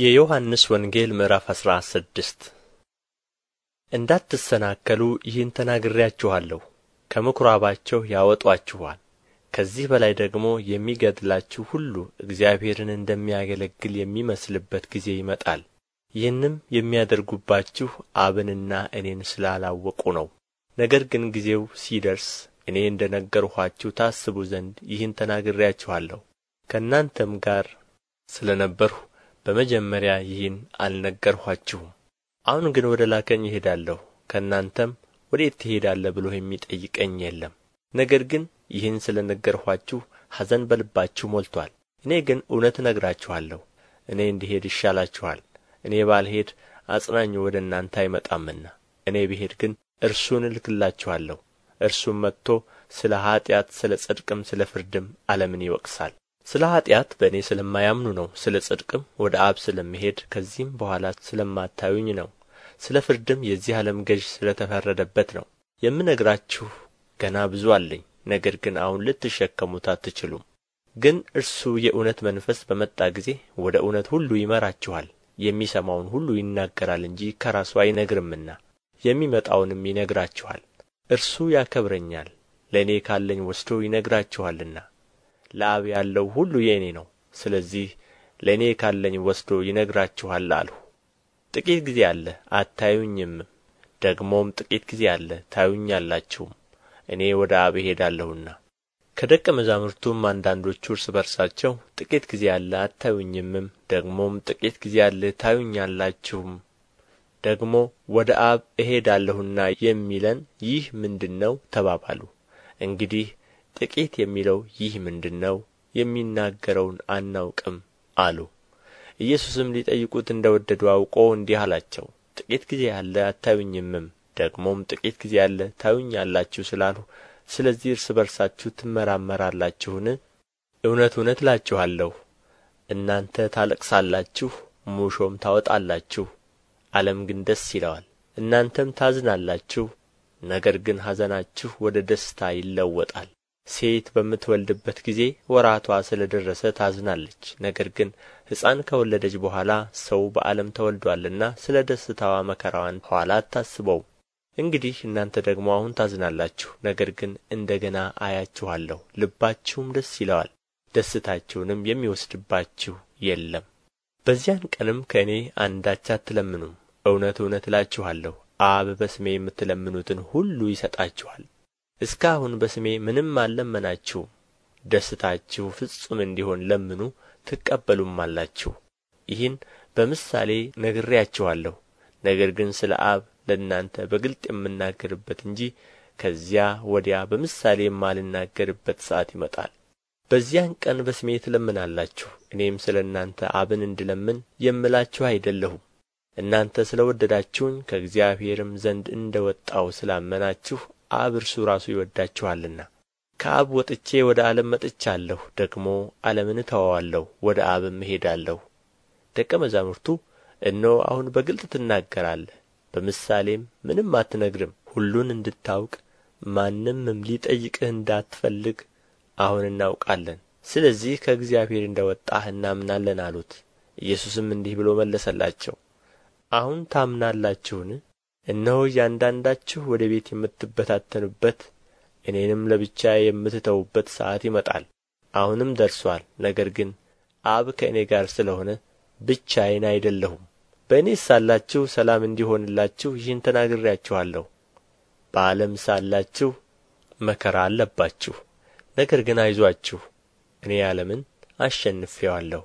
የዮሐንስ ወንጌል ምዕራፍ አስራ ስድስት እንዳትሰናከሉ ይህን ተናግሬያችኋለሁ። ከምኵራባቸው ያወጧችኋል፣ ከዚህ በላይ ደግሞ የሚገድላችሁ ሁሉ እግዚአብሔርን እንደሚያገለግል የሚመስልበት ጊዜ ይመጣል። ይህንም የሚያደርጉባችሁ አብንና እኔን ስላላወቁ ነው። ነገር ግን ጊዜው ሲደርስ እኔ እንደ ነገርኋችሁ ታስቡ ዘንድ ይህን ተናግሬያችኋለሁ። ከእናንተም ጋር ስለ ነበርሁ በመጀመሪያ ይህን አልነገርኋችሁም። አሁን ግን ወደ ላከኝ እሄዳለሁ፣ ከእናንተም ወዴት ትሄዳለህ ብሎ የሚጠይቀኝ የለም። ነገር ግን ይህን ስለ ነገርኋችሁ ሐዘን በልባችሁ ሞልቶአል። እኔ ግን እውነት እነግራችኋለሁ፣ እኔ እንድሄድ ይሻላችኋል። እኔ ባልሄድ አጽናኙ ወደ እናንተ አይመጣምና፣ እኔ ብሄድ ግን እርሱን እልክላችኋለሁ። እርሱም መጥቶ ስለ ኀጢአት፣ ስለ ጽድቅም፣ ስለ ፍርድም ዓለምን ይወቅሳል። ስለ ኃጢአት በእኔ ስለማያምኑ ነው። ስለ ጽድቅም ወደ አብ ስለምሄድ ከዚህም በኋላ ስለማታዩኝ ነው። ስለ ፍርድም የዚህ ዓለም ገዥ ስለ ተፈረደበት ነው። የምነግራችሁ ገና ብዙ አለኝ፣ ነገር ግን አሁን ልትሸከሙት አትችሉም። ግን እርሱ የእውነት መንፈስ በመጣ ጊዜ ወደ እውነት ሁሉ ይመራችኋል። የሚሰማውን ሁሉ ይናገራል እንጂ ከራሱ አይነግርምና የሚመጣውንም ይነግራችኋል። እርሱ ያከብረኛል፣ ለእኔ ካለኝ ወስዶ ይነግራችኋልና ለአብ ያለው ሁሉ የእኔ ነው፣ ስለዚህ ለእኔ ካለኝ ወስዶ ይነግራችኋል አልሁ። ጥቂት ጊዜ አለ አታዩኝም፣ ደግሞም ጥቂት ጊዜ አለ ታዩኛላችሁም፣ እኔ ወደ አብ እሄዳለሁና። ከደቀ መዛሙርቱም አንዳንዶቹ እርስ በርሳቸው ጥቂት ጊዜ አለ አታዩኝምም፣ ደግሞም ጥቂት ጊዜ አለ ታዩኛላችሁም፣ ደግሞ ወደ አብ እሄዳለሁና የሚለን ይህ ምንድን ነው ተባባሉ። እንግዲህ ጥቂት የሚለው ይህ ምንድን ነው የሚናገረውን አናውቅም አሉ ኢየሱስም ሊጠይቁት እንደ ወደዱ አውቆ እንዲህ አላቸው ጥቂት ጊዜ ያለ አታዩኝምም ደግሞም ጥቂት ጊዜ ያለ ታዩኛላችሁ ስላልሁ ስለዚህ እርስ በርሳችሁ ትመራመራላችሁን እውነት እውነት እላችኋለሁ እናንተ ታለቅሳላችሁ ሙሾም ታወጣላችሁ ዓለም ግን ደስ ይለዋል እናንተም ታዝናላችሁ ነገር ግን ሐዘናችሁ ወደ ደስታ ይለወጣል ሴት በምትወልድበት ጊዜ ወራቷ ስለ ደረሰ ታዝናለች። ነገር ግን ሕፃን ከወለደች በኋላ ሰው በዓለም ተወልዷልና ስለ ደስታዋ መከራዋን ኋላ አታስበው። እንግዲህ እናንተ ደግሞ አሁን ታዝናላችሁ፣ ነገር ግን እንደ ገና አያችኋለሁ፣ ልባችሁም ደስ ይለዋል፣ ደስታችሁንም የሚወስድባችሁ የለም። በዚያን ቀንም ከእኔ አንዳች አትለምኑም። እውነት እውነት እላችኋለሁ አብ በስሜ የምትለምኑትን ሁሉ ይሰጣችኋል። እስከ አሁን በስሜ ምንም አልለመናችሁም ደስታችሁ ፍጹም እንዲሆን ለምኑ ትቀበሉማላችሁ ይህን በምሳሌ ነግሬያችኋለሁ። ነገር ግን ስለ አብ ለእናንተ በግልጥ የምናገርበት እንጂ ከዚያ ወዲያ በምሳሌ የማልናገርበት ሰዓት ይመጣል በዚያን ቀን በስሜ ትለምናላችሁ እኔም ስለ እናንተ አብን እንድለምን የምላችሁ አይደለሁም እናንተ ስለ ወደዳችሁኝ ከእግዚአብሔርም ዘንድ እንደ ወጣው ስላመናችሁ አብ እርሱ ራሱ ይወዳችኋልና ከአብ ወጥቼ ወደ ዓለም መጥቻለሁ ደግሞ ዓለምን እተወዋለሁ ወደ አብም እሄዳለሁ ደቀ መዛሙርቱ እነሆ አሁን በግልጥ ትናገራለህ በምሳሌም ምንም አትነግርም ሁሉን እንድታውቅ ማንምም ሊጠይቅህ እንዳትፈልግ አሁን እናውቃለን ስለዚህ ከእግዚአብሔር እንደ ወጣህ እናምናለን አሉት ኢየሱስም እንዲህ ብሎ መለሰላቸው አሁን ታምናላችሁን እነሆ እያንዳንዳችሁ ወደ ቤት የምትበታተኑበት እኔንም ለብቻ የምትተዉበት ሰዓት ይመጣል አሁንም ደርሷል። ነገር ግን አብ ከእኔ ጋር ስለ ሆነ ብቻዬን አይደለሁም በእኔ ሳላችሁ ሰላም እንዲሆንላችሁ ይህን ተናግሬያችኋለሁ በዓለም ሳላችሁ መከራ አለባችሁ ነገር ግን አይዟችሁ እኔ ዓለምን አሸንፌዋለሁ